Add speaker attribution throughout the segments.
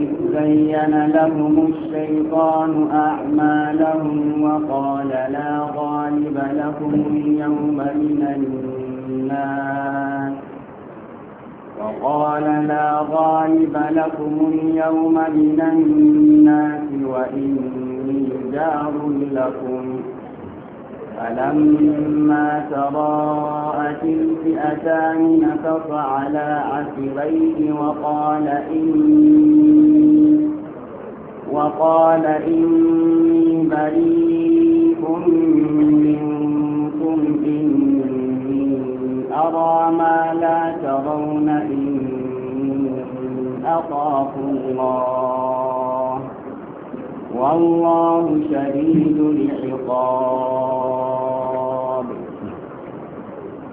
Speaker 1: إذ زين لهم الشيطان أعمالهم وقال لا غالب لكم اليوم من الناس وقال لا غالب لكم اليوم من الناس وإني جار لكم فلما تراءت الفئتان نكص على عسريه وقال إني وقال إني بريء منكم إني أرى ما لا ترون إني أخاف الله والله شديد العقاب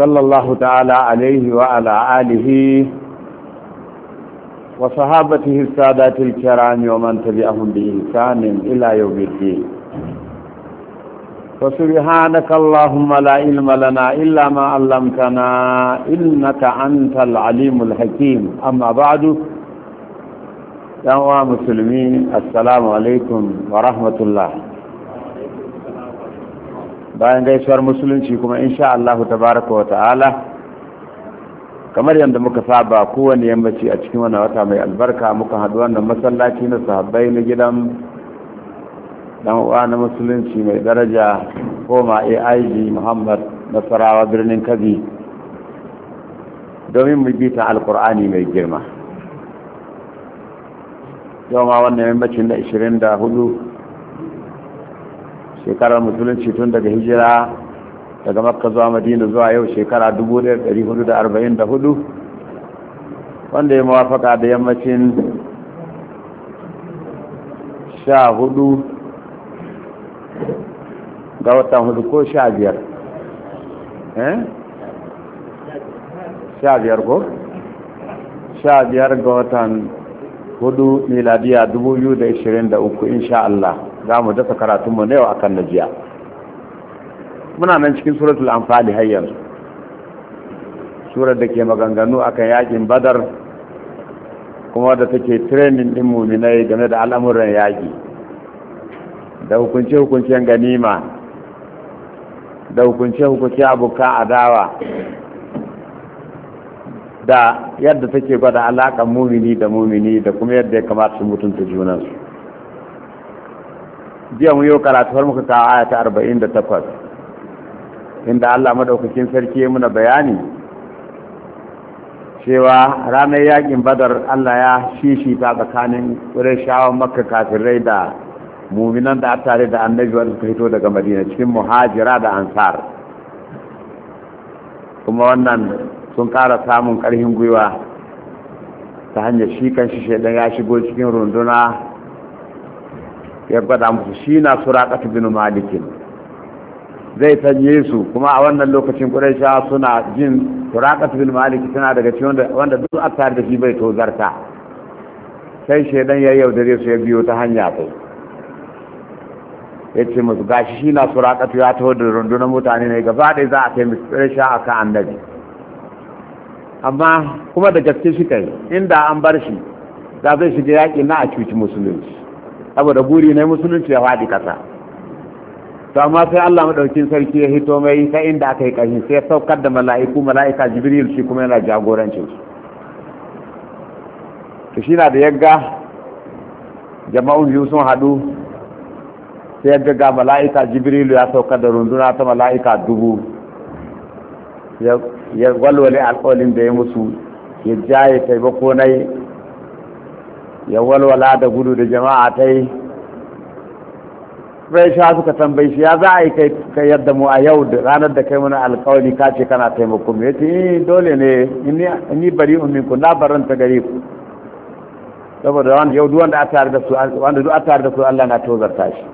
Speaker 2: صلى الله تعالى عليه وعلى آله وصحابته السادات الكرام ومن تبعهم بإنسان إلى يوم الدين فسبحانك اللهم لا علم لنا إلا ما علمتنا إنك أنت العليم الحكيم أما بعد يا مسلمين السلام عليكم ورحمة الله bayan gaisuwar musulunci kuma insha Allah tabaraka wa ta'ala kamar yadda muka saba kowane yammaci a cikin wannan wata mai albarka muka haɗu wannan masallaci na sahabbai na gidan dan uwa na musulunci mai daraja koma AIG Muhammad Nasarawa birnin Kabi domin mu bi ta alkur'ani mai girma yau ma wannan yammacin na 24 shekarar musulunci tun daga hijira daga makka zuwa madina zuwa yau shekara 1444 wanda ya mawafaka da yammacin 14 ga watan hudu ko 15 eh 15 ko 15 ga watan hudu miladiya 2023 insha Allah za mu dasa karatunmu na yau akan na muna nan cikin suratul amfani har yanzu surar da ke maganganu akan yakin badar kuma da take training din muminai game da al'amuran yaki da hukunce-hukuncen ganima da hukunce-hukunce abokan adawa da yadda take gwada alaƙar mumini da mumini da kuma yadda ya kamata su mutunta junansu jiya mun yi karatu har muka kawo aya ta 48 inda Allah madaukakin sarki ya muna bayani cewa ranar yakin badar Allah ya shishi ta tsakanin ƙurashawan makka kafirai da muminan da tare da annabi wanda suka fito daga madina cikin muhajira da ansar kuma wannan sun ƙara samun ƙarfin gwiwa ta hanyar shi kan shi shaidan ya shigo cikin runduna ya gwada musu shi na suraƙatu bin malikin zai sanye su kuma a wannan lokacin ƙuraisha suna jin suraƙatu bin maliki tana daga cikin wanda duk a tare da shi bai tozarta sai shaidan ya yaudare su ya biyo ta hanya sai ya ce musu gashi shi na suraƙatu ya taho da rundunar mutane ne gaba ɗaya za a kai musu ƙuraisha a kan annabi amma kuma da gaske shi kai inda an bar shi da zai shiga yaƙi na a cuci musulunci saboda buri ne musulunci ya faɗi kasa. to amma sai Allah madaukin sarki ya hito mai sai inda aka yi ƙarfi sai saukar da mala'iku mala'ika jibril shi kuma yana jagorancin su to shi na da yagga jama'un biyu sun haɗu sai yagga ga mala'ika jibril ya saukar da runduna ta mala'ika dubu ya walwale alƙawalin da ya musu ya jaye taimako na ya walwala da gudu da jama'a ta yi bai sha suka tambayi shi ya za a yi kai yadda mu a yau da ranar da kai mana alkawari ka ce kana taimako ta yi eh, dole ne ni bari umin ku na baran ta gari ku saboda wanda yau duk wanda a tare da su wanda duk a tare da su Allah na tozarta shi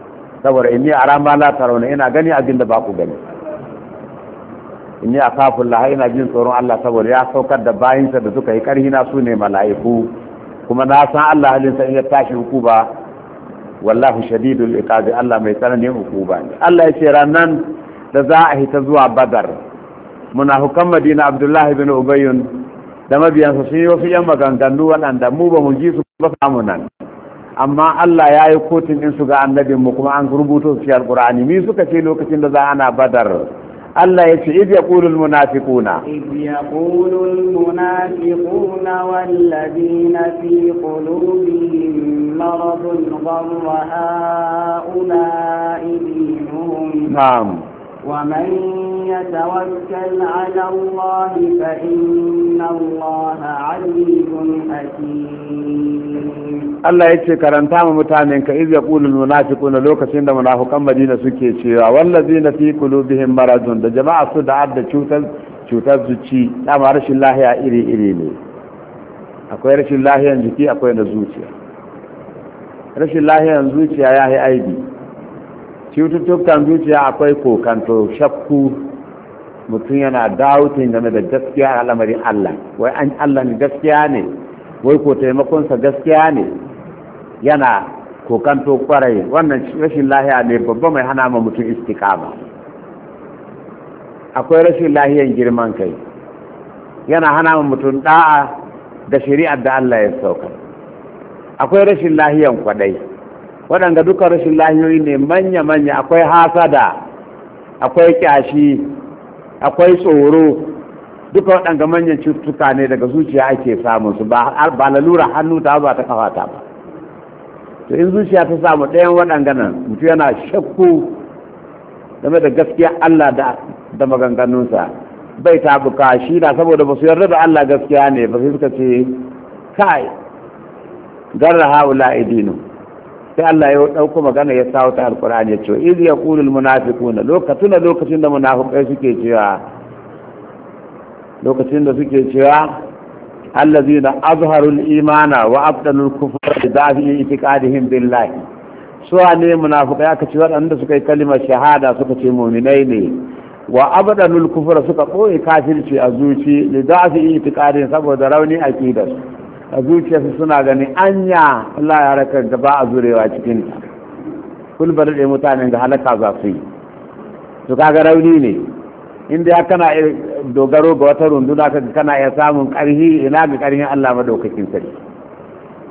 Speaker 2: saboda inni arama la tarawna ina gani abin da ba ku gani inni kafin Allah ina jin tsoron Allah saboda ya saukar da bayinsa da suka yi karhi na su ne mala'iku kuma na san Allah halin in ya tashi hukuba wallahu shadidul iqabi Allah mai tsananin hukuba ne Allah ya ce ranan da za a hita zuwa Badar munafikan Madina Abdullah ibn Ubay da mabiyansa sun yi wasu yan maganganu waɗanda mu ba mu ji su ba samu nan amma Allah ya yi kotun din su ga mu kuma an rubuto su cikin Alƙur'ani mi suka ce lokacin da za ana Badar الله يسعد يقول المنافقون إذ
Speaker 1: يقول المنافقون والذين في قلوبهم مرض غر هؤلاء دينهم نعم ومن يتوكل على الله فإن الله عزيز حكيم
Speaker 2: Allah ya ce karanta ma mutanen ka iz yaqulu na lokacin da munafikan Madina suke cewa wallazi na fi qulubihim maradun da jama'a su da adda cutar zuci da rashin lahiya iri iri ne akwai rashin lahiyan jiki akwai na zuciya rashin lahiyan zuciya ya yi aibi cututtukan zuciya akwai kokanto shakku mutum yana dautin game da gaskiya al'amarin Allah wai an Allah ne gaskiya ne wai ko taimakonsa gaskiya ne yana kokanto kwarai wannan rashin lahiya ne babba mai hana ma mutum istikama akwai rashin lahiyan girman kai yana hana ma mutum da'a da shari'ar da Allah ya sauka akwai rashin lahiyan kwadai waɗanda duka rashin lahiyoyi ne manya-manya akwai hasada akwai kyashi akwai tsoro duka waɗanda manyan cututtuka ne daga zuciya ake samun su ba lalura hannu ta ba ta kafa ta ba to in zuciya ta samu ɗayan waɗanda nan mutu yana shakku game da gaskiya Allah da maganganunsa bai ta shi na saboda ba su yarda da Allah gaskiya ne ba su suka ce kai garra haula idinu sai Allah ya dauko magana ya sawo ta Alƙur'ani ya ce iz yaqulul munafiquna lokacin lokacin da munafiqai suke cewa lokacin da suke cewa allazina azharul imana wa abdalul kufra bi dafi itiqadihim billahi suwa ne munafiqai aka ce waɗanda suka yi kalmar shahada suka ce mu'minai ne wa abdalul kufra suka koyi kafirci a zuci li dafi itiqadihim saboda rauni aqidarsu a zuciyarsu suna ganin anya Allah ya raka da ba a zurewa cikin ta kulbar da mutanen da halaka za su yi to kaga rauni ne inda ya kana dogaro ga wata runduna ka kana ya samun karhi ina ga karhin Allah madaukakin sarki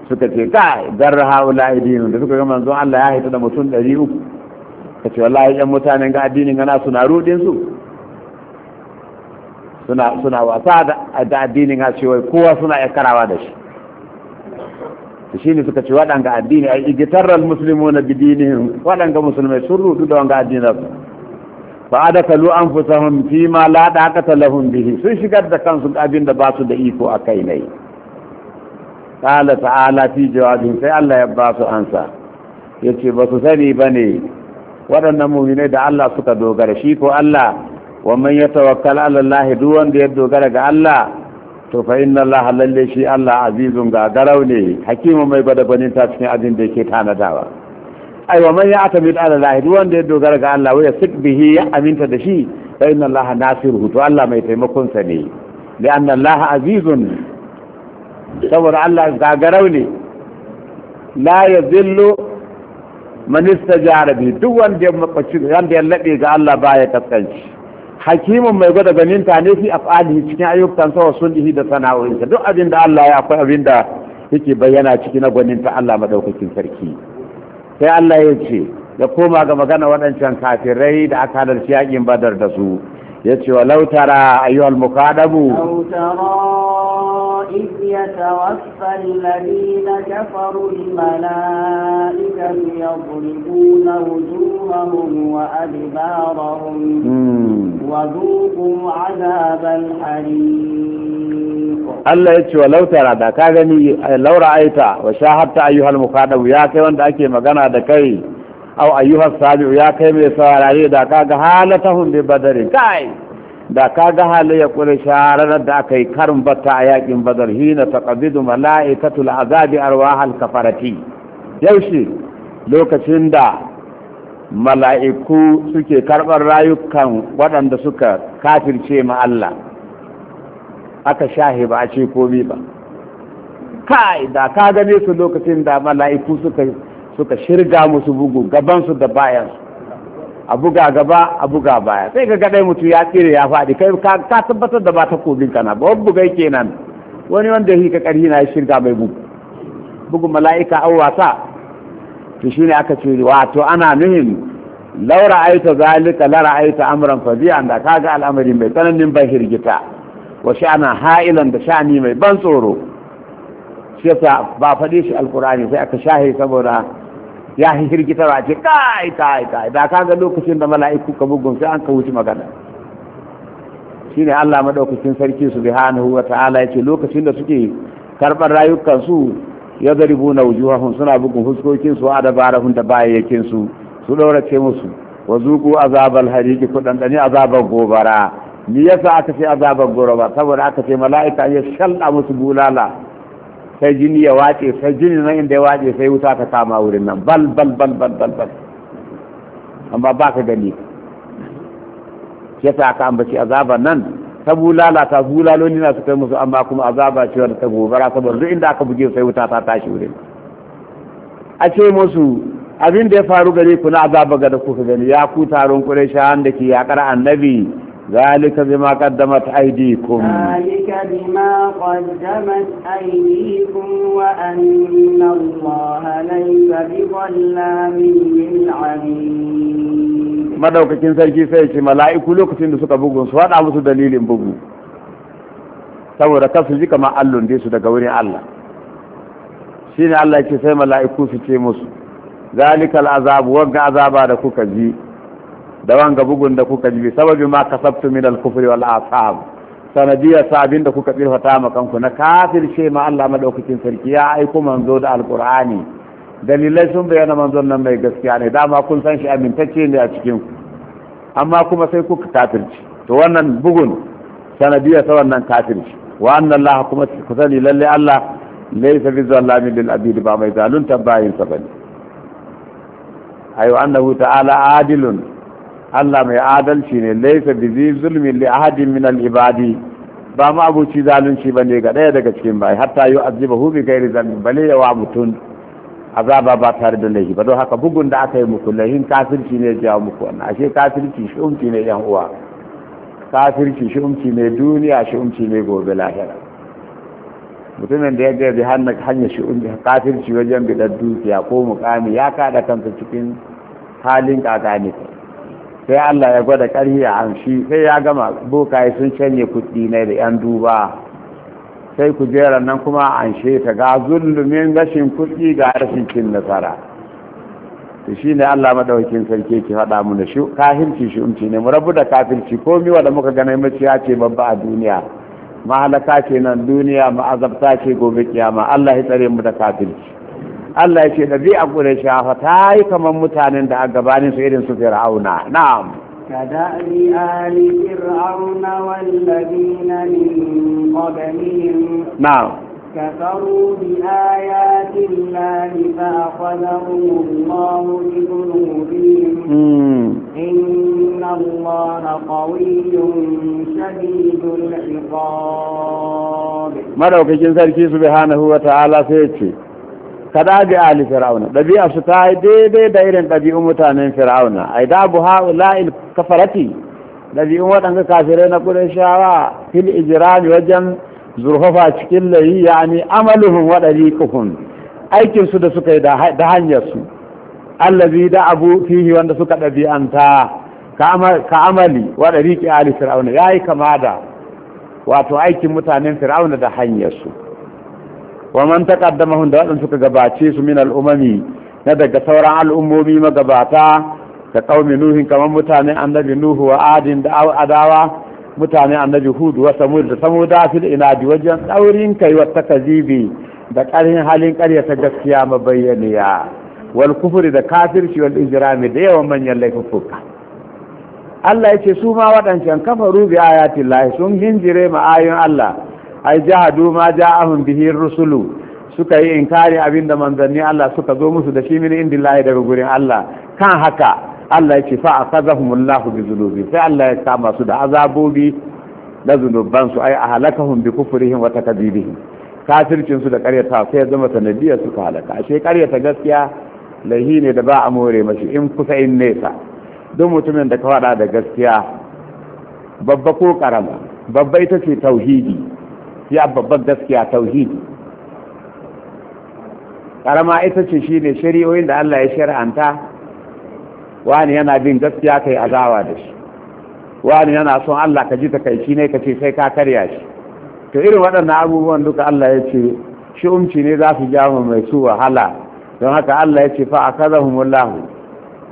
Speaker 2: suka ce ka dar haula idinu da suka ga manzon Allah ya haita da mutum 300 kace wallahi yan mutanen ga addinin gana suna rudin su suna wasa da addinin ha cewa kowa suna iya karawa da shi shine suka ce waɗanga addini ai igitarar musulmi na bidinihim waɗanga musulmai sun rudu da wanga addinar ba da kalu anfusahum fi ma la daqata lahum bihi sun shigar da kansu abin da ba su da iko a kai ne qala ta'ala fi jawabin sai Allah ya ba su ansa yace ba su sani bane waɗannan mu'minai da Allah suka dogara shi ko Allah wa man yatawakkal ala Allah duk wanda ya dogara ga Allah to fa inna Allah lalle shi Allah azizun ga garau ne hakimu mai gwada gwanin ta cikin abin da yake tanadawa ai wa man ya atamid ala lahi wanda ya dogara ga Allah wa yasik bihi ya aminta da shi fa inna Allah nasiruhu to Allah mai taimakon sa ne anna Allah azizun saboda Allah ga garau ne la yazillu man istajara bi duk wanda ya mabaci wanda ya lade ga Allah baya kaskanci hakimin mai gwada ganin ta ne fi af'alihi cikin ayyukan sa wa sunnihi da sana'o'insa duk abin da Allah ya akwai abin da yake bayyana ciki na gwanin ta Allah madaukakin sarki sai Allah ya ce ya koma ga magana waɗancan kafirai da aka shi yakin badar da su ya ce walau tara ayyuhal muqadabu
Speaker 1: وإذ يتوفى الذين كفروا الملائكة يضربون وجوههم وأدبارهم وذوقوا عذاب الحريق
Speaker 2: Allah ya ce wa lautara da ka gani laura aita wa shahatta ayyuhal mukhadab ya kai wanda ake magana da kai au ayyuhar sabiu ya kai mai saurare da ka ga halatahum bi badarin kai da ka ga halayya ƙurisha ranar da aka yi karin bata a yakin badar hina ta ƙabidu mala'ikatul azabi arwahal kafarati yaushe lokacin da mala'iku suke karɓar rayukan waɗanda suka kafirce ma Allah aka shahi ba a ce komi ba kai da ka gane su lokacin da mala'iku suka shirga musu bugu gabansu da bayansu a buga gaba a buga baya sai ka gaɗai mutu ya tsira ya faɗi kai ka tabbatar da ba ta kobin kana ba wani bugai kenan wani wanda shi ka ƙarfi na shirka mai bugu bugu mala'ika an wasa to shine aka ce wato ana nuhin laura aita zalika lara aita amran fazia da kaga al'amari mai tsananin ban hirgita wa sha'ana ha'ilan da sha'ani mai ban tsoro shi ba faɗi shi alkurani sai aka shahe saboda ya yi ba ce kai kai kai da ka ga lokacin da mala'iku ka bugun sai an ka wuce magana shine Allah madaukakin sarki subhanahu wa ta'ala yace lokacin da suke karbar rayukansu su ya zaribu na wujuhahum suna bugun fuskokinsu su da barahun da bayayyakin su su daura ce musu wa zuqu azabal hariki kudan dani azabar gobara me yasa aka ce azabar gobara saboda aka ce mala'ika ya shalla musu bulala sai jini ya wace sai jini nan inda ya wace sai wuta ta kama wurin nan bal bal bal bal bal bal amma ba ka gani yasa aka ambaci azaba nan ta bulalata bulaloli na su kai musu amma kuma azaba shi da ta gobara saboda duk inda aka buge sai wuta ta tashi wurin a ce musu abin da ya faru gare ku na azaba ga da kuka gani ya ku taron kurai shahan da ke yakar annabi ذلك بما قدمت أيديكم ذلك
Speaker 1: بما قدمت أيديكم وأن الله ليس بظلام للعبيد
Speaker 2: madaukakin sarki sai ce mala'iku lokacin da suka bugun su faɗa musu dalilin bugu saboda kar su ji kama allon su daga wurin Allah shine Allah ya ce sai mala'iku su ce musu zalikal azabu wanga azaba da kuka ji da wanga bugun da kuka jibi sababi ma kasabtu min al-kufri wal asab sanadiyar sabin da kuka tsirfata makanku na kafirce ma Allah madaukakin sarki ya aiko manzo da alkur'ani dalilai sun bayyana manzon nan mai gaskiya ne dama kun san shi amintacce ne a cikin ku amma kuma sai kuka kafirci to wannan bugun sanadiyar sa wannan kafirci wa anna Allah kuma ku sani lalle Allah laysa bi zallami lil abid ba mai zalunta bayin sa bane ayo annahu ta'ala adilun Allah mai adalci ne laisa bi zulmi li ahadin min al ibadi ba ma abuci zalunci bane ga daya daga cikin bai hatta yu aziba hu bi ghairi zalmi bale wa mutun azaba ba tare da laifi ba don haka bugun da aka yi muku laifin kafirci ne ya muku wannan ashe kafirci shi umci ne yan uwa kafirci shi umci ne duniya shi umci ne gobe lahira mutumin da ya ga bi hanya shi umci kafirci wajen bidar dukiya ko mukami ya kada kansa cikin halin kakani sai Allah ya gwada ƙarfi a hanshi sai ya gama bokaye sun canye kuɗi na da 'yan duba sai kujerar nan kuma a anshe ta ga zulumin rashin kuɗi ga rashin cin nasara to shi ne Allah maɗaukin sarki ki faɗa muna da shi kafirci shi umci ne mu rabu da kafirci komi wanda muka ganai maciya ce babba a duniya mahalaka ce nan duniya ma'azabta ce gobe kiyama Allah ya tsare mu da kafirci Allah ya ce ɗabi'a ƙure shafa ta yi kamar mutanen da a gabanin su irin su fir'auna na'am
Speaker 1: كدأب آل فرعون والذين من قبلهم نعم كفروا بآيات الله فأخذهم الله بذنوبهم إن الله قوي شديد العقاب
Speaker 2: ماذا وكيشن سبحانه وتعالى سيتشي ka ali fir'auna ɗabi'a su ta daidai da irin ɗabi'un mutanen fir'auna ai da bu ha'ula'il kafarati ɗabi'un waɗanda kafirai na kudin shawa fil ijirani wajen zurfafa cikin layi yani amaluhum wa ɗariƙuhum aikin su da suka yi da hanyar su allazi da abu fihi wanda suka ɗabi'anta ka amali wa ɗariƙi ali fir'auna yayi kama da wato aikin mutanen fir'auna da hanyar su wa man taqaddamahum da waɗanda suka gabace su min al'umami na daga sauran al'ummomi magabata ka qaumi nuhin kamar mutane annabi nuhu wa adin da adawa mutane annabi hud wa samud da samuda fil inadi wajen daurin kai wa takazibi da karin halin ƙarya ta gaskiya mabayyaniya wal kufri da kafirci wal injirami da yawan manyan laifuka Allah ya ce su ma waɗancan kafaru bi ayatin lahi sun hinjire ma ayoyin Allah ai jahadu ma ja'ahum bihi rusulu suka yi inkari abinda manzanni Allah suka zo musu da shi min indillahi daga gurin Allah kan haka Allah ya ce fa akhadhahumullahu bi dhunubi sai Allah ya kama su da azabobi na zunuban su ai ahlakahum bi kufrihim wa takdibihim kafircin su da ƙaryata sai ya zama sanadiyar suka halaka ashe ƙaryata gaskiya laihi ne da ba a more mashi in kusa in nesa don mutumin da ka faɗa da gaskiya babba ko ƙarama babba ita ce tauhidi ya babban gaskiya tauhidi karama ita ce shi ne shari'o'in da Allah ya shari'anta wani yana bin gaskiya kai azawa da shi wani yana son Allah ka ji ta kai shi ne ka ce sai ka karya shi to irin waɗannan abubuwan duka Allah ya ce shi umci ne za su jawo mai su wahala don haka Allah ya ce fa akazahumullahu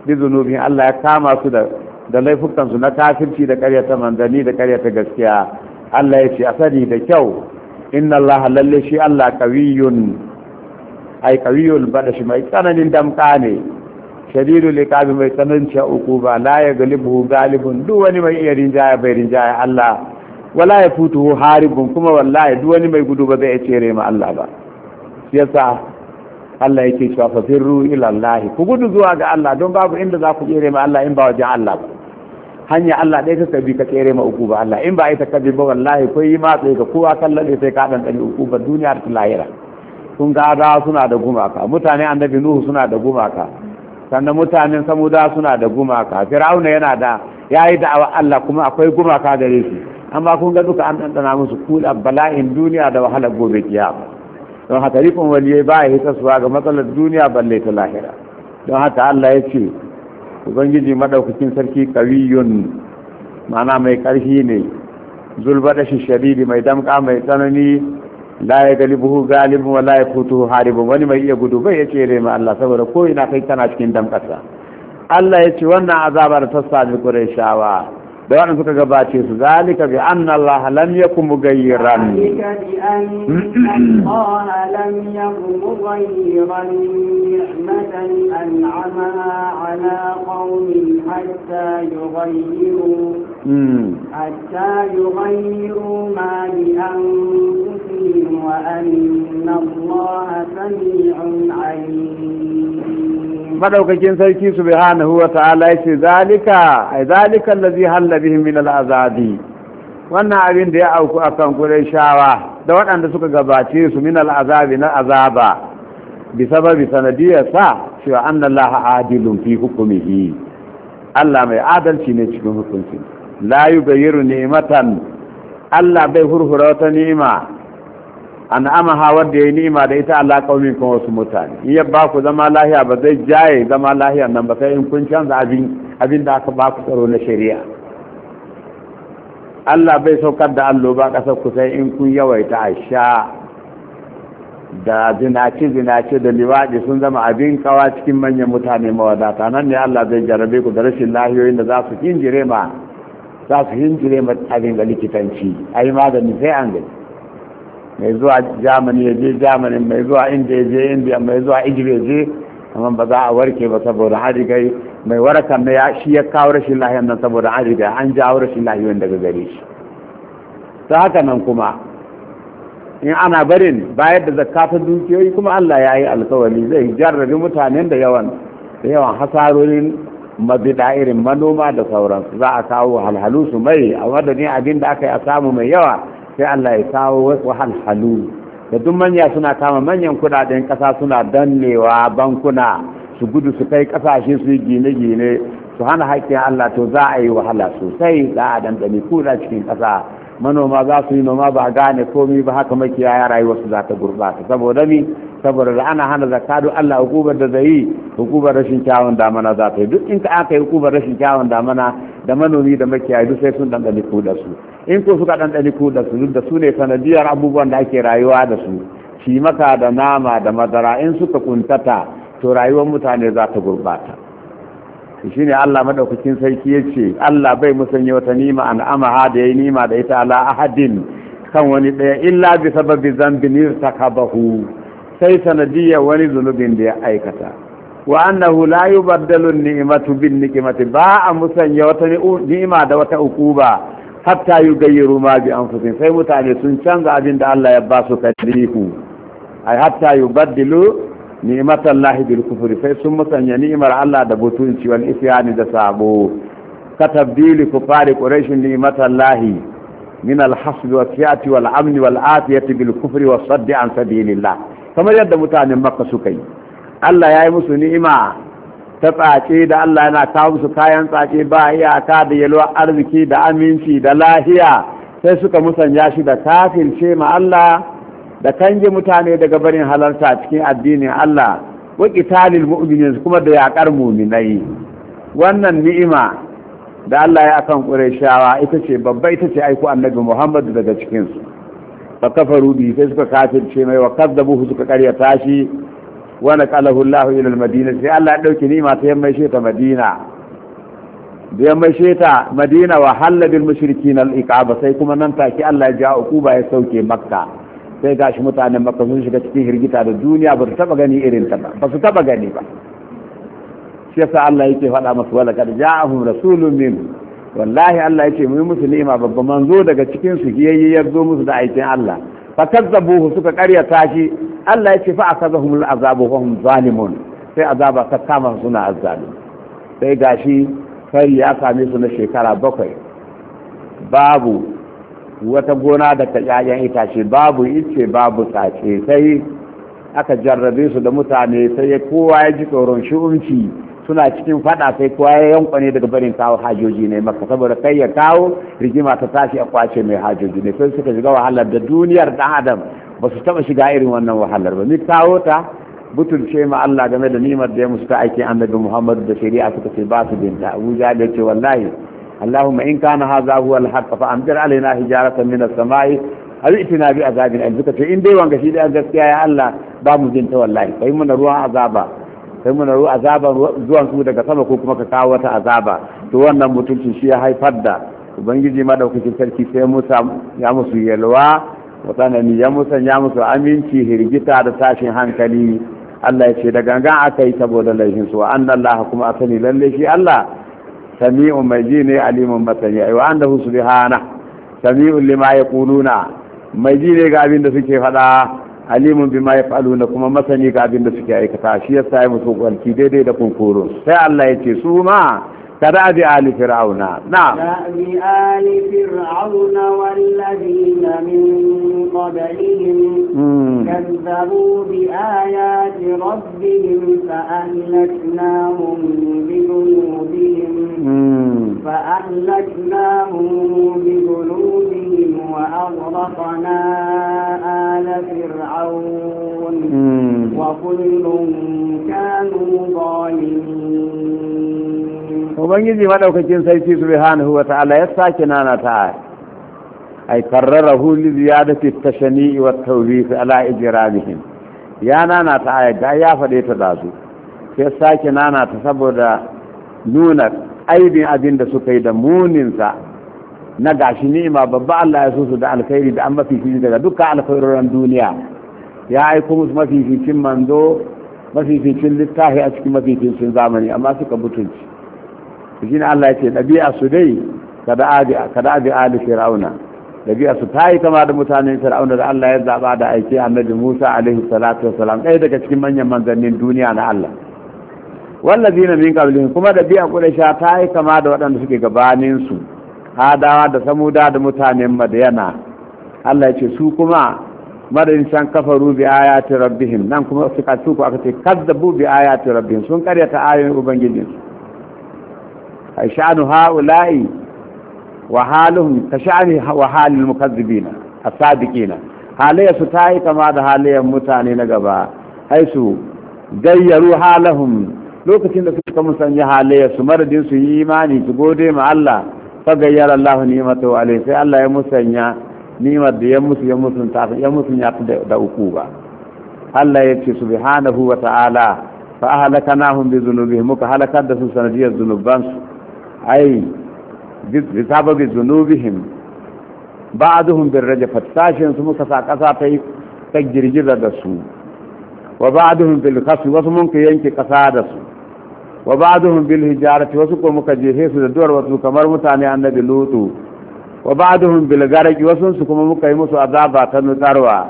Speaker 2: bi zunubin Allah ya kama su da da laifukansu na kafirci da karyata manzanni da karyata gaskiya Allah ya ce a sani da kyau inna Allah lalle shi Allah kawiyun ai kawiyul shi. mai tsananin damka ne shadidul iqabi mai tsananin uku la ya galibu galibun duk wani mai iya rinjaya bai rinjaya Allah wala ya futu haribun kuma wallahi duk wani mai gudu ba zai cere ma Allah ba yasa Allah yake cewa fa firru ila Allah ku gudu zuwa ga Allah don babu inda za ku tsere ma Allah in ba wajen Allah ba hanya Allah ɗaya ta bi ka tsere ma uku ba Allah in ba a ka bi ba wallahi ko yi ma tsaye ka kowa kan ne sai ka ɗan ɗani uku ba duniya ta lahira sun da suna da gumaka mutane annabi nuhu suna da gumaka sannan mutanen samuda suna da gumaka fir'auna yana da yayi da'awa Allah kuma akwai gumaka gare shi amma kun ga duka an ɗanɗana musu kula bala'in duniya da wahalar gobe kiyama don haka rikon waliyai ba ya hitaswa ga matsalar duniya balle ta lahira don haka Allah ya ce ubangiji maɗaukakin sarki kawiyun mana mai karfi ne zulbada shi shadidi mai damka mai tsanani la ya galibuhu galibun wa la ya wani mai iya gudu bai ya ce ma Allah saboda ko ina kai kana cikin damkarsa Allah ya ce wannan azabar ta sami shawa. بيان سكا غباتي ذلك بان الله لم يكن مغيرا
Speaker 1: ذلك بان الله لم يكن مغيرا نعمه انعمها على قوم حتى يغيروا حتى يغيروا ما بانفسهم وان الله سميع عليم
Speaker 2: madaukakin sarki subhanahu wa ta'ala yace zalika ai zalika allazi halla na min al'azabi wannan abin da ya auku a kan shawa da waɗanda suka gabace su min al'azabi na azaba bi sababi sanadiyar sa wa an Allah adilun fi hukumihi Allah mai adalci ne cikin hukunci la yubayyiru ni'matan Allah bai hurhura wata ni'ima an amaha wadda ya yi ni'ima da ita Allah kaumin kuma wasu mutane in ya ba ku zama lahiya ba zai jaye zama lahiya nan ba sai in kun canza abin abin da aka ba ku tsaro na shari'a Allah bai saukar da alloba ƙasar kusan in kun yawaita a sha da zinace-zinace da liwaɗi sun zama abin kawa cikin manyan mutane mawadata nan ne Allah zai jarabe ku da rashin lahiyoyin da za su hinjire ma za su hinjire ma abin ga likitanci a yi magani sai an gani mai zuwa jamani ya je jamani mai zuwa inda ya je indiya mai zuwa ya je amma ba za a warke ba saboda har gai mai warakan na shi ya kawo rashin lahiyar nan saboda an riga an jawo rashin lahiyar daga gari. shi ta haka nan kuma in ana barin bayar da zakatun dukiyoyi kuma Allah ya yi alkawari zai jarrabi mutanen da yawan da yawan hasarorin mabida irin manoma da sauransu za a kawo halhalu su mai a madadin abin da aka yi a samu mai yawa sai Allah ya kawo wasu halhalu da duk manya suna kama manyan kudaden kasa suna dannewa bankuna su gudu su kai kasashe su yi gine-gine su hana haƙƙin Allah to za a yi wahala sosai za a dandane kuna cikin ƙasa manoma za su yi noma ba gane komi ba haka makiyaya rayuwar su za ta gurɓata saboda mi saboda da ana hana zakadu Allah hukumar da zai yi hukumar rashin kyawun damana za ta yi duk in ka aka yi hukumar rashin kyawun damana da manomi da makiyaya duk sai sun dandane ko su in ko suka dandane ko su duk da su ne sanadiyar abubuwan da ake rayuwa da su shi maka da nama da madara in suka kuntata to rayuwar mutane za ta gurbata shi ne Allah madaukakin sarki ya ce Allah bai musanya wata nima an amaha da ya yi nima da ita ala ahadin kan wani ɗaya illa bi sababi zambin bahu sai sanadiyya wani zunubin da ya aikata wa annahu la yubaddalu ni'matu bin nikmati ba a musanya wata ni'ima da wata ukuba hatta yugayyiru ma bi anfusihim sai mutane sun canza abin da Allah ya ba su tadriku Ai hatta yubaddilu ni'matan lahi bil sai sun musanya ni'imar Allah da butunci wal isyani da sabo ka ku fari quraish ni'matan lahi min al wa siyati wal amn wal afiyati bil kufri was sadd an sabilillah kamar yadda mutanen makka suka yi Allah ya yi musu ni'ima ta tsace da Allah yana kawo musu kayan tsace ba iyaka da yalwa arziki da aminci da lahiya sai suka musanya shi da kafirce ma Allah da kange mutane daga barin halarta cikin addinin Allah wa qitalil mu'minin kuma da yaƙar mu'minai wannan ni'ima da Allah ya akan ƙurashawa ita ce babba ita ce aiku Annabi Muhammad daga cikin Ba kafa kafaru sai suka kafirce mai wa buhu suka karya tashi, wa naqalahu Allah ila al-Madina sai Allah ya dauki ni'ima ta yamma shi ta Madina da yamma shi ta Madina wa halla bil mushrikin al-iqaba sai kuma nan take Allah ya ja uku ba ya sauke Makka sai gashi mutanen maka sun shiga cikin hirgita da duniya ba su taba gani irin ta ba su taba gani ba shi yasa Allah yake faɗa masu wala kada ja'ahum rasulun min wallahi Allah yake mu musu ni'ima babban manzo daga cikin su yayi ya zo musu da aikin Allah fa kazzabuhu suka karyata shi Allah yake fa akazahum al'azabu wa hum zalimun sai azaba ta kama suna azzalim sai gashi fari ya same su na shekara bakwai babu wata gona da ta ƴaƴan itace babu ice babu tsace sai aka jarrabe su da mutane sai kowa ya ji tsoron shi'unci suna cikin fada sai kowa ya yankwane daga barin kawo hajoji ne maka saboda kai ya kawo rigima ta tashi a kwace mai hajoji ne sai suka shiga wahalar da duniyar dan adam ba su taba shiga irin wannan wahalar ba ni kawo ta butulce ma Allah game da nimar da ya musu ta aiki annabi Muhammad da shari'a suka ce ba su binta Abuja da ce wallahi اللهم إن كان هذا هو الحق فأمدر علينا حجارة من السماء أو ائتنا بعذاب أليم فكتي إن دي قشيد أن أزكى يا الله باب جنت والله فإما من عذابا فإما من عذابا زوان سودا كسبا كوكما كتاوة عذابا توانا متلش شيء هاي فدا ubangiji madaukakin sarki sai musa ya musu yalwa watsanani ya musa ya musu aminci hirgita da tashin hankali Allah ya ce da gangan aka yi saboda laifin su wa annallaha kuma asali lalle shi Allah sami'un mai ji ne alimun masani ayo an da husu bihana sami'un lima ya mai ji ne ga abin da suke faɗa alimun bima ya na kuma masani ga abin da suke aikata shi yasa ya musu kwanci daidai da kunkuru sai Allah ya ce su ma كدأب آل فرعون نعم
Speaker 1: آل فرعون والذين من قبلهم كذبوا بآيات ربهم فأهلكناهم بذنوبهم فأهلكناهم بذنوبهم وأغرقنا آل فرعون وكل كانوا ظالمين
Speaker 2: ubangiji madaukakin sarki subhanahu wa ta'ala ya sake nana ta ay karrarahu li ziyadati at wa at ala ijrabihim ya nana ta ai ga ya fade ta da su sai sake nana ta saboda nuna aibin abin da suka yi da muninsa na gashi ni'ima babba Allah ya susu da alkhairi da an fifi daga dukkan alkhairoran duniya ya aiko musu mafificin manzo mafificin littafi a cikin mafificin zamani amma suka butunci shi Allah ya ce ɗabi'a su dai kada abi ali fir'auna ɗabi'a su ta yi kama da mutanen fir'auna da Allah ya zaba da aiki annabi Musa alaihi salatu wassalam ɗaya daga cikin manyan manzannin duniya na Allah wallazina min qablihim kuma ɗabi'a quraisha ta yi kama da waɗanda suke gabanin su hadawa da samuda da mutanen madyana Allah ya ce su kuma madadin san kafaru bi ayati rabbihim nan kuma suka tuku aka ce kadzabu bi ayati rabbihim sun karyata ayoyin ubangijinsu sha'anu ha'ula'i wa haluhum ka sha'ani wa halil mukazzibina as-sadiqina halayya su kama da halayen mutane na gaba haisu gayyaru halahum lokacin da suka musanya halayya su maradin su yi imani su gode ma Allah fa gayyara Allah ni'matahu alayhi sai Allah ya musanya ni'mar da ya musu ya musunta ya musunya da uku ba Allah ya ce subhanahu wa ta'ala fa ahlaknahum bi dhunubihim muka halakar da su sanadiyar zunubansu ai bisababi zunubihim ba'aduhum birrajafat sashin su muka sa kasa ta ta girgiza da su wa ba'aduhum bil khasfi wasu mun ka yanke kasa da su wa ba'aduhum bil hijarati wasu ko muka jehe su da duwar wasu kamar mutane annabi lutu wa ba'aduhum bil garaki wasu su kuma muka yi musu azaba ta nutarwa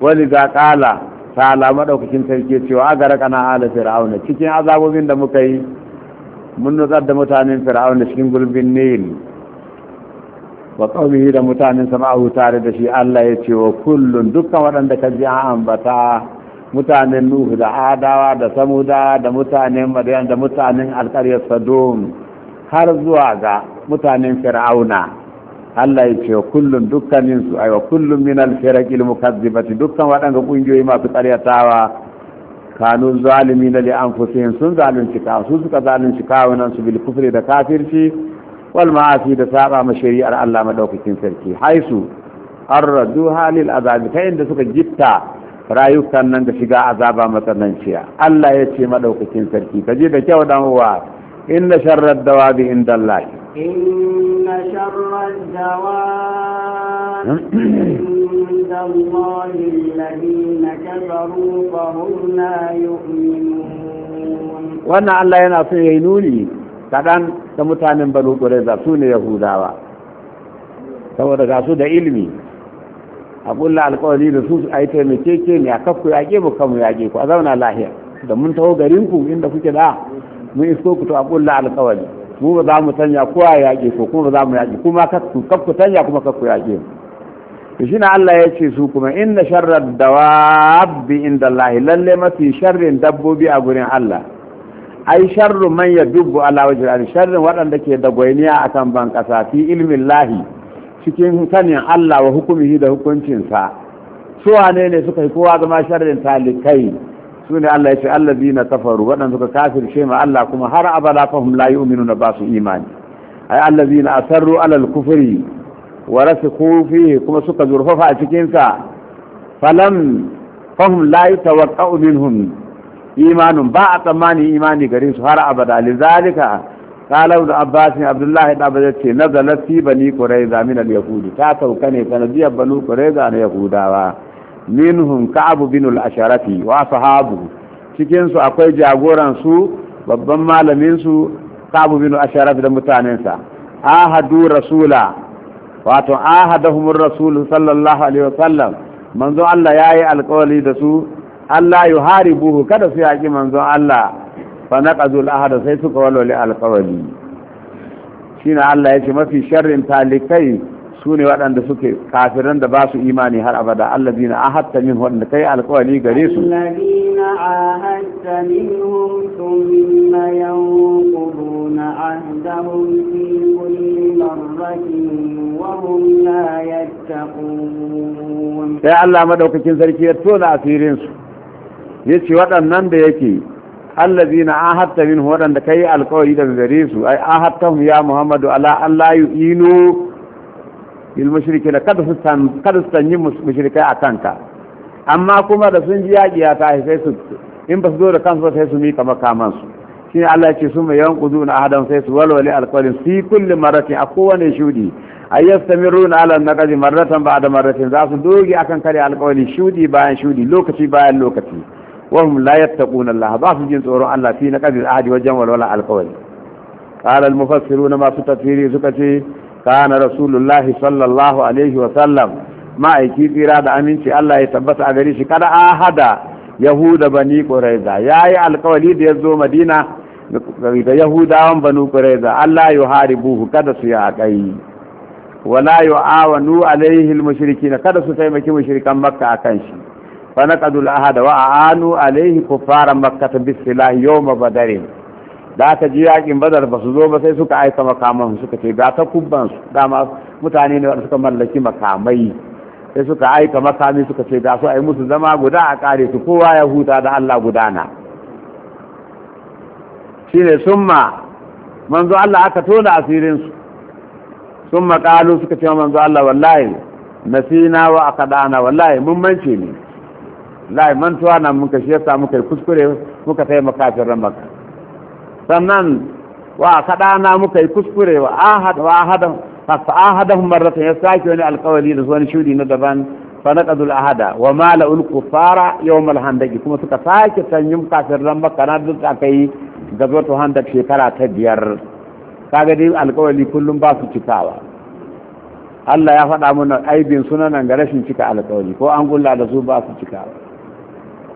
Speaker 2: wani ga kala ta ala daukakin sarki cewa a garakana ala fir'auna cikin azabobin da muka yi mun nutsar da mutanen fir'auna cikin gulbin nil wa qaumihi da mutanen sama'u tare da shi Allah ya ce wa kullun dukkan waɗanda ka ji an ambata mutanen nuhu da adawa da samuda da mutanen madyan da mutanen alƙaryar sadom har zuwa ga mutanen fir'auna Allah ya ce wa kullun dukkaninsu ai wa kullun min al-firaqil mukazzibati dukkan waɗanda kungiyoyi masu ƙaryatawa kanun zalimi na li anfusihim sun zalunci ka su suka zalunci kawunan su bil kufri da kafirci wal ma'asi da saba ma shari'ar Allah madaukakin sarki haisu arradu halil azabi kai inda suka gitta rayukan nan da shiga azaba matsananciya Allah ya ce madaukakin sarki kaje da kyau dan uwa inna sharra dawabi indallahi
Speaker 1: إن شر الدواب عند الله yi كفروا فهم لا يؤمنون
Speaker 2: وانا الله ينصر nuni kaɗan da mutanen banu ƙureza su ne yahudawa saboda ga su da ilimi a ƙulla alƙawari da su a yi taimakeke ne a kafku yaƙe mu kanmu yaƙe ku a zauna lahiya da mun taho garinku inda kuke da mun isko ku to a ƙulla alƙawari mu ba za mu sanya ko a yaƙe ko kuma ba za mu yaƙe kuma kaf ku sanya kuma kaf ku yaƙe to shi Allah ya ce su kuma inna sharrar dawabbi inda Allah lalle mafi sharrin dabbobi a gurin Allah ai sharru man ya dubbu ala wajhi al sharrin waɗanda ke da goyniya akan ban kasa fi ilmin lahi cikin sanin Allah wa hukumihi da hukuncinsa su wane ne suka yi kowa zama sharrin talikai su ne Allah ya ce allazi na kafaru waɗanda suka kafirce ma Allah kuma har abada fahim la yu'minuna ba basu imani ay allazi na asarru alal kufri wa rasiku fihi kuma suka zurfafa a cikin sa falam fahim la yatawaqqa'u minhum imanun ba a tsammani imani gare su har abada lizalika قال ابن عباس عبد الله بن عباس نزلت في بني قريظه من اليهود تا سوكني سنديه بنو قريظه اليهوداوا minhum ka'ab bin al-asharati wa sahabu cikin su akwai jagoran su babban malamin su ka'ab bin al-asharati da mutanensa ahadu rasula wato ahadahum rasul sallallahu alaihi wasallam manzo Allah yayi alƙawari da su Allah yuharibuhu kada su yaki manzo Allah fa naqazul ahad sai suka walwali alƙawari shine Allah yace mafi sharrin talikai su ne waɗanda suke kafiran da ba su imani har abada allazina ahadta min ka kai alƙawari gare su allazina
Speaker 1: ahadta minhum thumma yanquduna ahdahum fi kulli marratin wa hum la
Speaker 2: yattaqun sai Allah madaukakin sarki ya tona asirin su yace waɗannan da yake allazina ahadta min waɗanda kai alƙawari daga gare su ai ahadtahum ya muhammadu ala an la lil mushriki da kada su a kanka amma kuma da sun ji yaƙi ta haifai su in ba su zo da kansu sai su mika makaman su ne Allah ya ce su mai yawan na adam sai su walwale su yi kulli maratin a kowane shudi ayyastamiruna ala naqdi marratan da marratin za su doge akan kare alqawli shudi bayan shudi lokaci bayan lokaci wa hum la yattaquna Allah ba su jin tsoron Allah fi naqdi al-ahdi wajen walwala alqawli qala al-mufassiruna ma su tafsiri suka ce kana rasulullahi sallallahu alaihi wa sallam ma'aiki tsira da aminci Allah ya tabbata a gare shi kada ahada yahuda bani quraiza yayi alkawali da yazo madina da yahudawan bani quraiza Allah yuharibuhu kada su ya kai wala yu'awanu alaihi almushrikin kada su taimaki mushrikan makka akan shi fa naqadul ahada wa aanu alaihi kuffaran makkah bisilah yawma badarin da aka ji yakin badar ba su zo ba sai suka aika makaman suka ce ga ta kubban su dama mutane ne wanda suka mallaki makamai sai suka aika makami suka ce ga su a yi musu zama guda a kare su kowa ya huta da Allah gudana shine summa manzo Allah aka tona asirin su summa qalu suka ce manzo Allah wallahi nasina wa akadana wallahi mun mance ne wallahi mantuwa nan muka shi yasa muka kuskure muka taimaka kafin maka sannan wa kaɗana muka yi kuskure wa ahadan marratan ya sake wani alkawali da wani shuri na daban fa na ƙazul ahada wa mala ulku fara yau malhandaki kuma suka sake sanyin kafin ran makana duk aka yi gazwatu handa shekara ta biyar kaga dai alkawali kullum ba su cikawa Allah ya faɗa mana aibin sunanan ga rashin cika alkawali ko an gulla da su ba su cikawa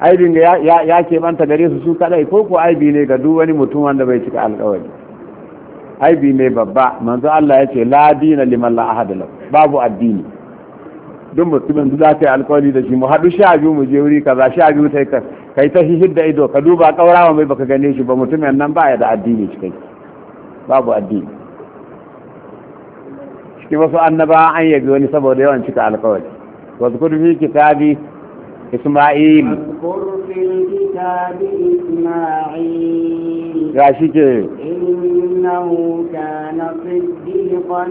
Speaker 2: aibin da ya keɓanta gare su su kadai ko ko aibi ne ga duk wani mutum wanda bai cika alkawari aibi ne babba manzo Allah ya ce la dina liman la ahad babu addini duk mutumin da za ta yi alkawari da shi mu haɗu sha biyu mu je wuri kaza sha biyu ta ka kai ta hihid da ido ka duba kaurawa mai baka gane shi ba mutumin nan ba ya da addini cikai babu addini cikin wasu annaba an yabi wani saboda yawan cika alkawari wasu kudu fi kitabi إسماعيل اذكر
Speaker 1: في الكتاب إسماعيل راشد إنه كان صديقا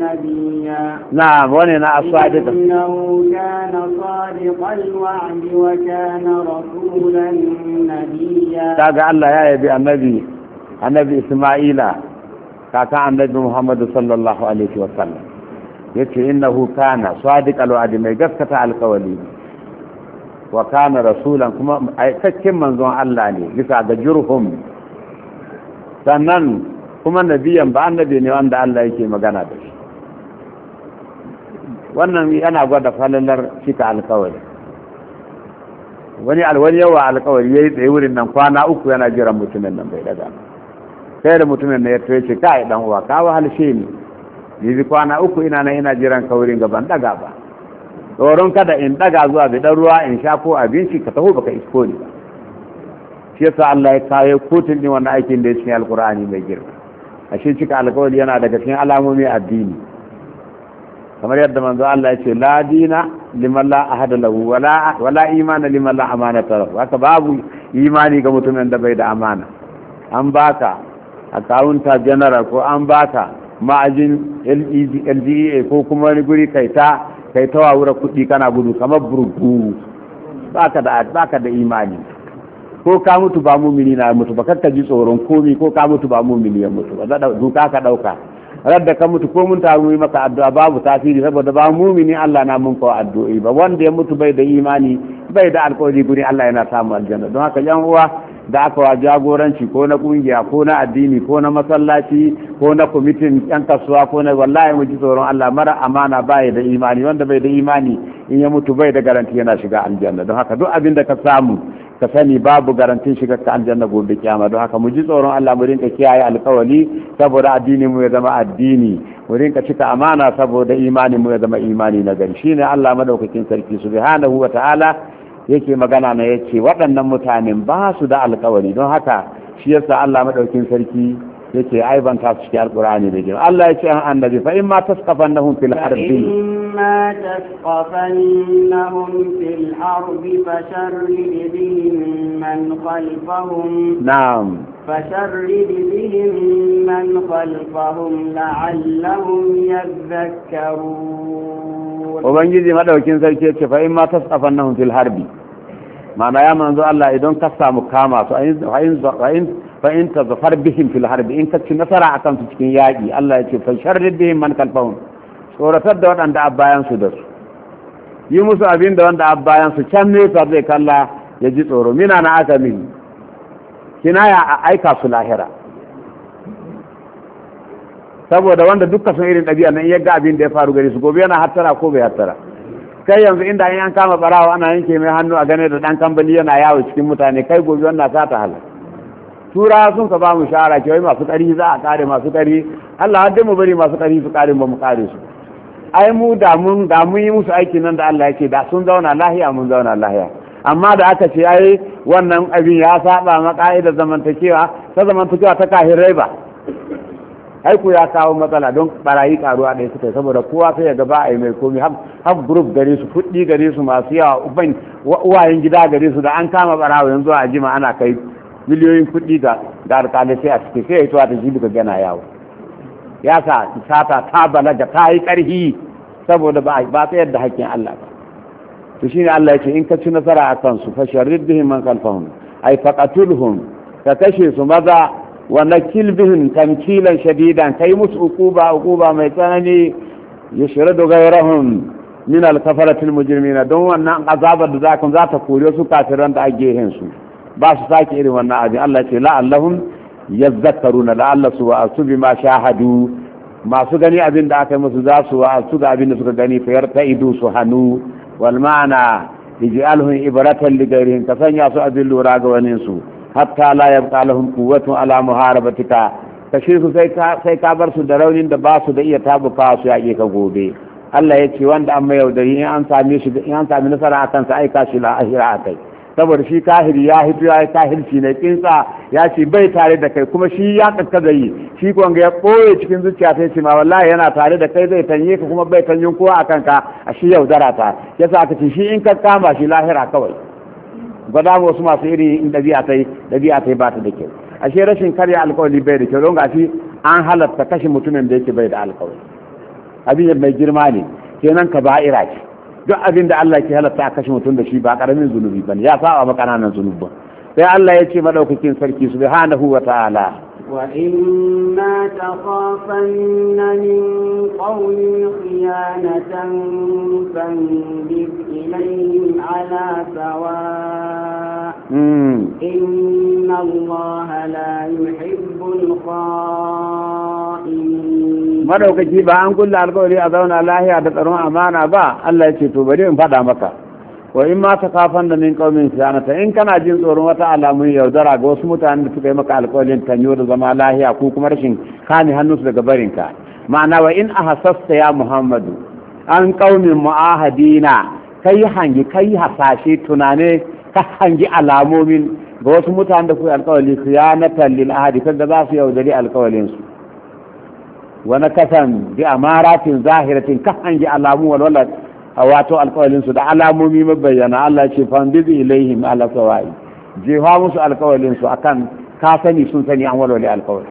Speaker 1: نبيا
Speaker 2: نعم ولنا الصادق إنه
Speaker 1: كان صادق الوعد وكان رسولا نبيا
Speaker 2: تابع الله يا أبي النبي النبي إسماعيل كاكا النبي محمد صلى الله عليه وسلم يتي إنه كان صادق الوعد ما يقفت على القولين wa kana rasulan kuma aikakken manzon Allah ne bisa ga jurhum sannan kuma nabiyan ba annabi ne wanda Allah yake magana da shi wannan yana gwada falalar cika alkawari wani alwani yawa alkawari ya yi tsaye wurin nan kwana uku yana jiran mutumin nan bai daga sai da mutumin nan ya tsaye ce kai dan uwa ka shi ne. yanzu kwana uku ina nan ina jiran kawurin gaban daga ba tsoron kada in daga zuwa dan ruwa in sha ko abinci ka taho baka isko ne shi yasa Allah ya kawo kotun din wannan aikin da ya cikin alkur'ani mai girma ashe cika alkawari yana daga cikin alamomi addini kamar yadda manzo Allah ya ce la dina liman la ahada lahu wala wala imana liman la amanata lahu haka babu imani ga mutumin da bai da amana an baka akawunta general ko an baka ma'ajin LDA e e ko kuma wani guri kaita kai ta wawura kuɗi kana gudu kamar burgu baka da baka da imani ko ka mutu ba mumini na mutu ba kakka ji tsoron komi ko ka mutu ba mumini ya mutu ba duka ka dauka radda ka mutu ko mun taru maka addu'a babu tasiri saboda ba mumini Allah na mun kawo addu'o'i ba wanda ya mutu bai da imani bai da alƙawari guri Allah yana samu aljanna don haka yan uwa da aka wa jagoranci ko na kungiya ko na addini ko na masallaci ko na kwamitin yan kasuwa ko na wallahi mu ji tsoron Allah mara amana baya da imani wanda bai da imani in ya mutu bai da garanti yana shiga aljanna don haka duk abin da ka samu ka sani babu garantin shiga ka aljanna gobe kiyama don haka mu ji tsoron Allah mu rinka kiyaye alkawali saboda addini mu ya zama addini mu rinka cika amana saboda imani mu ya zama imani na gari shine Allah madaukakin sarki subhanahu wa ta'ala yake magana na yace waɗannan mutanen ba su da alkawari don haka shi yasa Allah madaukin sarki yake ai ban ta cikin alkur'ani da girma Allah ya ce an annabi fa imma tasqafannahum fil ardi
Speaker 1: imma tasqafannahum fil ardi fasharrid bihim man khalfahum na'am فشرد بهم من خلفهم لعلهم يذكرون
Speaker 2: ubangiji madaukin sarki ya ce fa in ma tasafannahum fil harbi mana ya manzo Allah idan ka samu kama su ayin in ta zafar bihim fil harbi in ka ci nasara akan su cikin yaƙi Allah ya ce fa sharrid bihim man kalfahum tsoratar da waɗanda a bayan su da su yi musu abin da wanda a bayan su can nesa zai kalla ya ji tsoro mina na aka mini kina ya aika su lahira saboda wanda dukkan sun irin ɗabi'a nan ya ga abin da ya faru gari su gobe yana hattara ko bai hattara kai yanzu inda an an kama barawa ana yanke mai hannu a gane da ɗan kambali yana yawo cikin mutane kai gobe wannan sa ta hala. tura sun ka ba mu shara ke wai masu ƙari za a kare masu ƙari Allah har mu bari masu ƙari su kare ba mu kare su ai mu da mun da mun yi musu aiki nan da Allah ke da sun zauna lahiya mun zauna lahiya amma da aka ce ai wannan abin ya saba ma zamantakewa ta zamantakewa ta kahirai ba aiko ya kawo matsala don barayi karuwa ɗaya suka saboda kowa sai ya gaba a yi mai komi haf group gare su kuɗi gare su masu yawa uban uwayen gida gare su da an kama barawa yanzu a jima ana kai miliyoyin kuɗi ga ga alƙalai sai a cike sai ya yi tuwa ta jibi daga gana yawo ya sa sata ta balaga ta yi ƙarhi saboda ba ta yadda hakkin Allah ba to shine Allah ya ce in ka ci nasara a kansu fa sharrid man khalfahum ay faqatulhum ka kashe su maza wa nakil bihim tamkilan shadidan kai musu ukuba ukuba mai tsanani yushradu ghayrahum min al-kafaratil mujrimina don wannan azabar da zakun za ta kore su kafiran da agehen su ba su sake irin wannan abin Allah ce la'allahum yadhakkaruna Allah su bi ma shahadu masu gani abin da aka yi musu za su su ga abin da suka gani fa yartaidu su hanu wal ma'ana ij'alhum ibratan li ghayrihim ka sanya su abin lura ga waninsu. su hatta la yabqa lahum quwwatun ala muharabatika kashe su sai ka sai ka bar su da raunin da ba su da iya tabuka su yake ka gobe Allah ya ce wanda an mai yaudari in an same shi in an sami nasara akan sa aika shi la ahira akai saboda shi kahiri ya hito ya kahirci ne kinsa ya ce bai tare da kai kuma shi ya kaskaza yi shi kwanga ya ɓoye cikin zuciya sai ce ma wallahi yana tare da kai zai tanye ka kuma bai tanyin kowa a kanka a shi yaudara ta yasa aka ce shi in ka kama shi lahira kawai gwada wasu masu iri in ɗabi'a ta yi ɗabi'a ta yi ba ta da kyau ashe rashin karya alkawari bai da kyau don gashi an halatta kashe mutumin da yake bai da alkawari abin da mai girma ne kenan ka ba'ira ce duk abin da Allah ke halatta a kashe mutum da shi ba karamin zunubi bane ya saba ma kananan zunuban sai Allah ya ce madaukakin sarki subhanahu wa ta'ala
Speaker 1: وإما تخافن من قوم خيانة فانبذ إليهم على سواء إن الله لا يحب الخائنين
Speaker 2: madaukaki ba an kulla alkawari a zauna lahiya da tsaron amana ba Allah ya ce to bari in faɗa maka wa in ma ta kafan da min kaumin sanata in kana jin tsoron wata alamun yaudara ga wasu mutanen da suka yi maka alkawarin tanyo da zama lahiya ko kuma rashin kame hannunsu daga barinka ma'ana wa in a ya muhammadu an kaumin mu'ahadina kai hangi kai hasashe tunane ka hangi alamomin ga wasu mutane da suka alkawali su ya na tallil ahadi kaga za su yaudari alkawalin su wani kasan bi amaratin zahiratin ka hangi alamu walwala wato alkawalin da alamomi mabayyana Allah ce fanbizi ilaihim ala sawai jefa musu alkawalin akan ka sani sun sani an walwale alkawali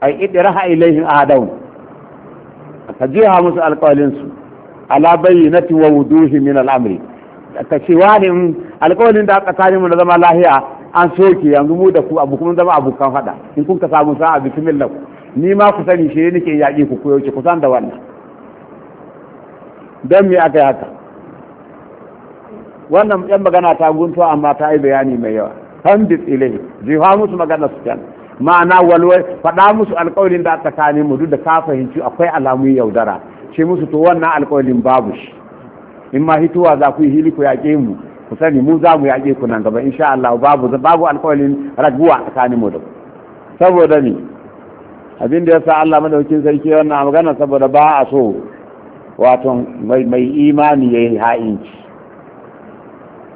Speaker 2: ai idraha ilaihim Adam, ka jefa musu alkawalin ala bayyinati wa wuduhi min al-amri ka ce wani alƙawarin da aka tsari mu na zama lahiya an soke yanzu mu da ku abu kuma zama abokan haɗa in kun ka samu sa'a bitumin lau ni ma ku sani shi ne nake yaƙi ku koyauce ku san da wannan don me aka yi haka wannan yan magana ta guntu amma ta yi bayani mai yawa handit ilai jiha musu magana su can ma'ana walwai faɗa musu alƙawarin da aka tsari mu duk da ka fahimci akwai alamun yaudara ce musu to wannan alƙawarin babu shi in ma hituwa za ku yi hili ku yaƙe mu ku sani mu za mu yaƙe ku nan gaba insha Allah babu babu alƙawarin raguwa tsakanin mu da ku saboda ni abin da yasa Allah madaukin sarki wannan magana saboda ba a so wato mai mai imani yayi ha'inci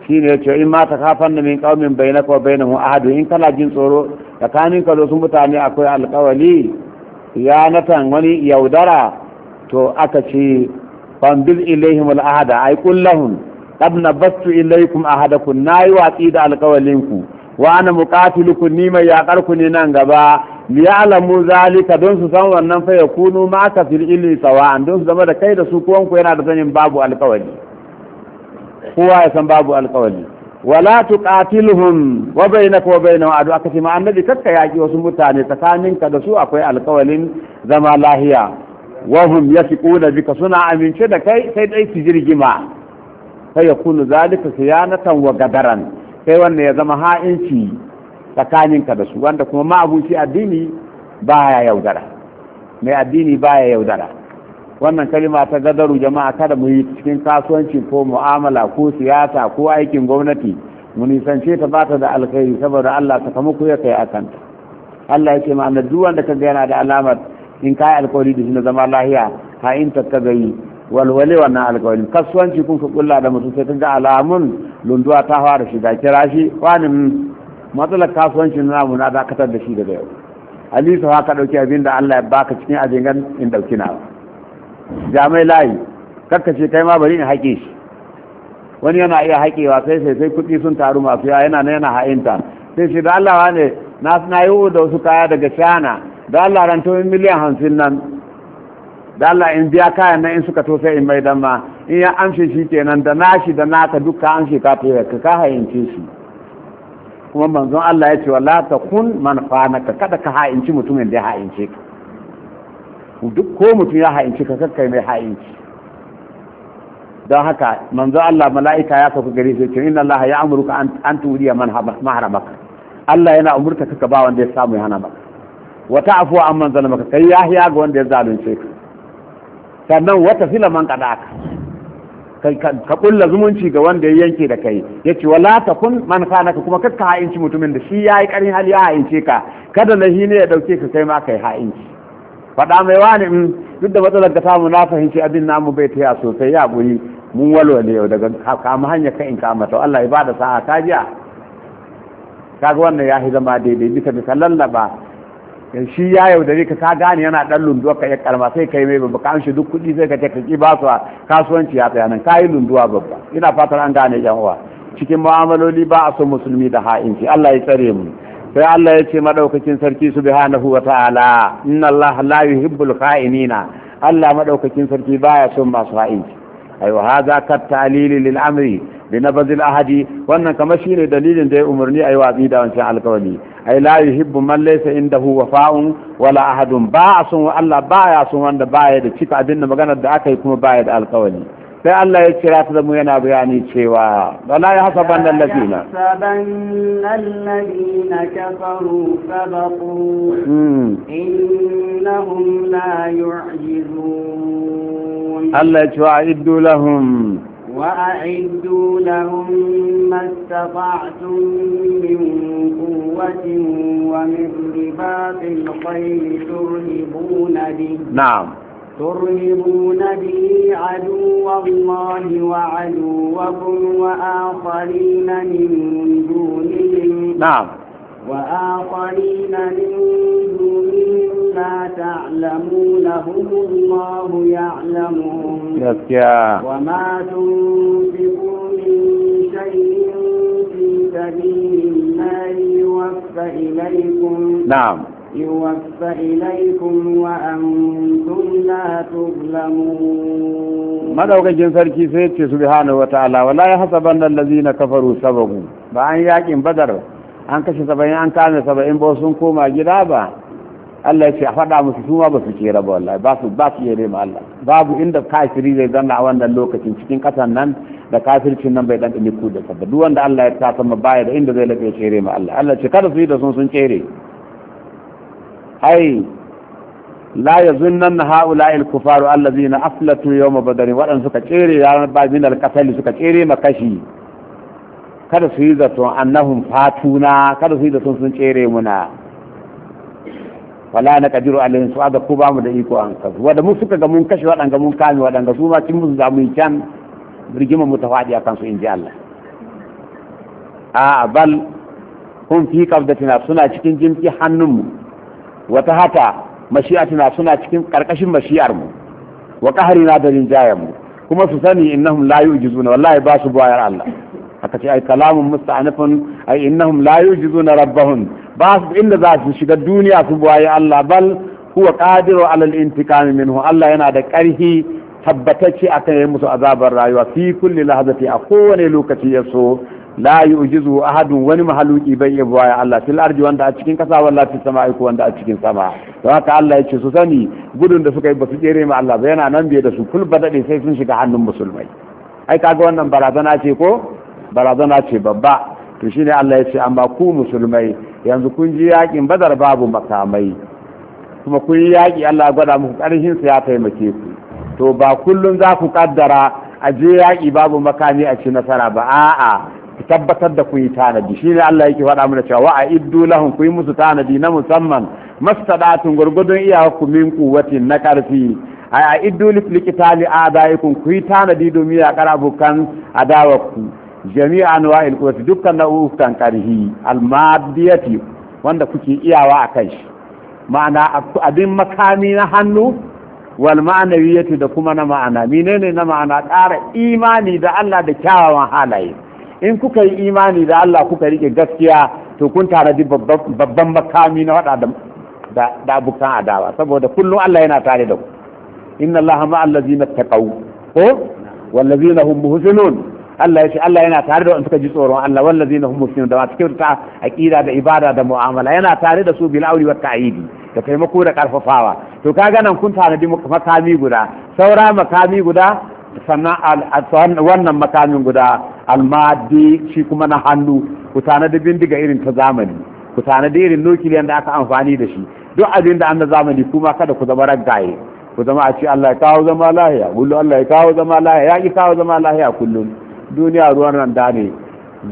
Speaker 2: shine yace in ma ta kafan da min qaumin bainaka wa mu ahadu in kana jin tsoro tsakanin ka da su mutane akwai alƙawari ya natan wani yaudara to aka ce fambil ilaihim al'ahada ay kullahum qad nabattu ilaikum ahadakum nayi watsi da alƙawalinku wa ana muqatilukum ni mai yakar ku nan gaba ya'lamu zalika don su san wannan fa yakunu ma'aka fil ilmi sawa'an don su zama da kai da su kowanku yana da sanin babu alƙawali kowa ya san babu wala tuqatiluhum wa bainaka wa bainahu adu akati ma annabi kakka yaki wasu mutane tsakaninka da su akwai alƙawalin zama lahiya wahum ƙuna bika suna amince da kai sai dai su jirgima sai ya kunu zalika siyanatan wa gadaran sai wanda ya zama ha'inci tsakaninka da su wanda kuma ma'abuci addini ya yaudara mai addini baya yaudara wannan kalima ta gadaru jama'a kada mu yi cikin kasuwanci ko mu'amala ko siyasa ko aikin gwamnati mu nisance ta bata da alkhairi saboda Allah ta kama ku ya kai akanta Allah yake ma'ana duk wanda kaga yana da alamar in ka yi alkawari da shi na zama lahiya ha in takka gayi walwale wannan alkawarin kasuwanci kun ka kulla da mutum sai ga alamun lunduwa ta fara shiga kira shi wani matsalar kasuwanci na mu na dakatar da shi daga yau alisa ha ka dauki abin da Allah ya baka cikin ajingan in dauki na jami'ai layi kakkace kai ma bari in haƙe shi wani yana iya haƙewa sai sai sai kuɗi sun taru masu yawa yana na yana ha'inta sai shi da Allah ne na yi da wasu kaya daga shana da Allah min miliyan hamsin nan da Allah in biya kayan nan in suka to sai in mai ma in ya amshe shi kenan da nashi da naka duka shi ka to ka ka hayince shi kuma manzon Allah ya ce wala takun man fanaka kada ka hayinci mutumin da ya hayince ka duk ko mutum ya hayinci ka kai mai hayinci don haka manzo Allah mala'ika ya sauka gari sai inna Allah ya amurka an tuwiya man mahramaka Allah yana umurta ka ba wanda ya samu ya hana maka wata afuwa an man zalama ka yi ga wanda ya zalunce ka sannan wata fila man kada ka ka kulla zumunci ga wanda ya yanke da kai yace wala takun man naka kuma kakka ha'inci mutumin da shi ya yi karin hali ya ha'ince ka kada na ne ya dauke ka kai ma kai ha'inci faɗa mai wani in mm, duk da matsalar ka samu na fahimci abin namu bai taya sosai ya guri mun ne yau daga kama hanya ka in kama to Allah ya bada sa'a ta jiya kaga wannan ya zama daidai bisa bisa lallaba shi ya yaudare ka ka gane yana dan lunduwa ka ya karma sai kai mai babba ka amshi duk kudi sai ka take ki ba su kasuwanci ya tsaya nan ka lunduwa babba ina fatar an gane yan uwa cikin mu'amaloli ba a son musulmi da ha'inci Allah ya tsare mu sai Allah ya ce madaukakin sarki subhanahu wa ta'ala inna Allah la yuhibbul kha'inina Allah madaukakin sarki baya son masu ha'inci aiwa hadha kat lil amri na bazil ahadi wannan kamar ne dalilin da ya umarni yi watsi da wancan alkawari ai la yuhibbu man laysa indahu wafa'un wala ahadun ba sun Allah ya sun wanda ya da cika abin da maganar da aka yi kuma ya da alkawari sai Allah ya kira ta mu yana bayani cewa wala ya hasaban nan lafina
Speaker 1: saban nan lafina kafaru sabaqu hmm. innahum la
Speaker 2: yu'jizun Allah ya ce wa iddu lahum
Speaker 1: وأعدوا لهم ما استطعتم من قوة ومن رباط الخير ترهبون به نعم ترهبون به عدو الله وعدوكم وآخرين من دونهم نعم وآخرين من دونهم لا تعلمونهم الله يعلمهم وما تنفقوا من شيء في سبيل الله يوفى إليكم نعم يوفى إليكم وأنتم لا تظلمون
Speaker 2: ماذا وكان سركي سيدي سبحانه وتعالى ولا يحسبن الذين كفروا سبقوا بأن يأكل بدر an kashe saba'in an kame saba'in ba sun koma gida ba Allah ya ce a faɗa musu su ma ba su kera ba wallahi ba su ba su yi ma Allah babu inda kafiri zai zanna a wannan lokacin cikin ƙasar nan da kafircin nan bai dan ɗumi da sabba duk wanda Allah ya ta sama baya da inda zai lafiya kere ma Allah Allah ce kada su yi da sun sun kere ai la yazunnan haula al kufaru allazina aflatu yawma badr wadan suka kere ya ba min al suka kere makashi kada su yi zaton annahum fatuna kada su yi zaton sun tsere muna wala na kadiru alayhim su aga ko mu da iko an kasu wanda mun suka ga mun kashe waɗanga mun kame waɗanga su ma cin musu zamu yi can rigima mu ta faɗi a kan in inji Allah a bal kun fi kabdatina suna cikin jinki hannunmu wata hata mashi'atina suna cikin karkashin mashi'armu wa qahrina da rinjayanmu kuma su sani innahum la yu'jizuna wallahi ba su bayar Allah aka ce ai kalamun musta'anifun ai innahum la yujizuna rabbahum ba su inda za su shiga duniya su buwaye Allah bal huwa qadiru ala al intiqami minhu Allah yana da ƙarhi tabbatacce akan yi musu azabar rayuwa fi kulli lahzati a kowane lokaci ya so la yujizu ahadun wani mahaluki bai iya buwaye Allah fil ardi wanda a cikin kasa walla fi sama'i ko wanda a cikin sama don haka Allah ya ce su sani gudun da suka yi basu kere ma Allah ba yana nan biye da su kul badade sai sun shiga hannun musulmai ai kaga wannan barazana ce ko barazana ce babba to shine Allah ya ce amma ku musulmai yanzu kun ji yakin badar babu makamai kuma kun yi yaki Allah ya gwada muku karhin sa ya taimake ku to ba kullum za ku kaddara a je yaki babu makami a ci nasara ba a'a ku tabbatar da ku yi tanadi shine Allah yake faɗa mana cewa a iddu lahum ku yi musu tanadi na musamman mastadatun gurgudun ku min quwwatin na karfi a iddu a adaikum ku yi tanadi domin ya karabukan adawarku jami'a anwa'il quwwati dukkan uftan karhi al wanda kuke iyawa a kai ma'ana abin makami na hannu wal ma'anawiyati da kuma na ma'ana menene na ma'ana ƙara imani da Allah da kyawawan halaye in kuka yi imani da Allah kuka rike gaskiya to kun tare da babban makami na wada da adawa saboda kullum Allah yana tare da ku inna Allah ma'al taqaw ko wal hum muhsinun Allah ya ce Allah yana tare da wanda suka ji tsoron Allah na hum muslimun da masu kyauta ƙira da ibada da mu'amala yana tare da su bil auri wat ta'idi da taimako da karfafawa to kaga nan kun tanadi makami guda saura makami guda sannan wannan makamin guda almadi shi kuma na hannu ku tanadi bindiga irin ta zamani ku tanadi irin nukili da aka amfani da shi duk abin da an na zamani kuma kada ku zama ragaye. ku zama a ce Allah ya kawo zama lahiya kullum Allah ya kawo zama lahiya ya ki kawo zama lahiya kullum duniya ruwan da ne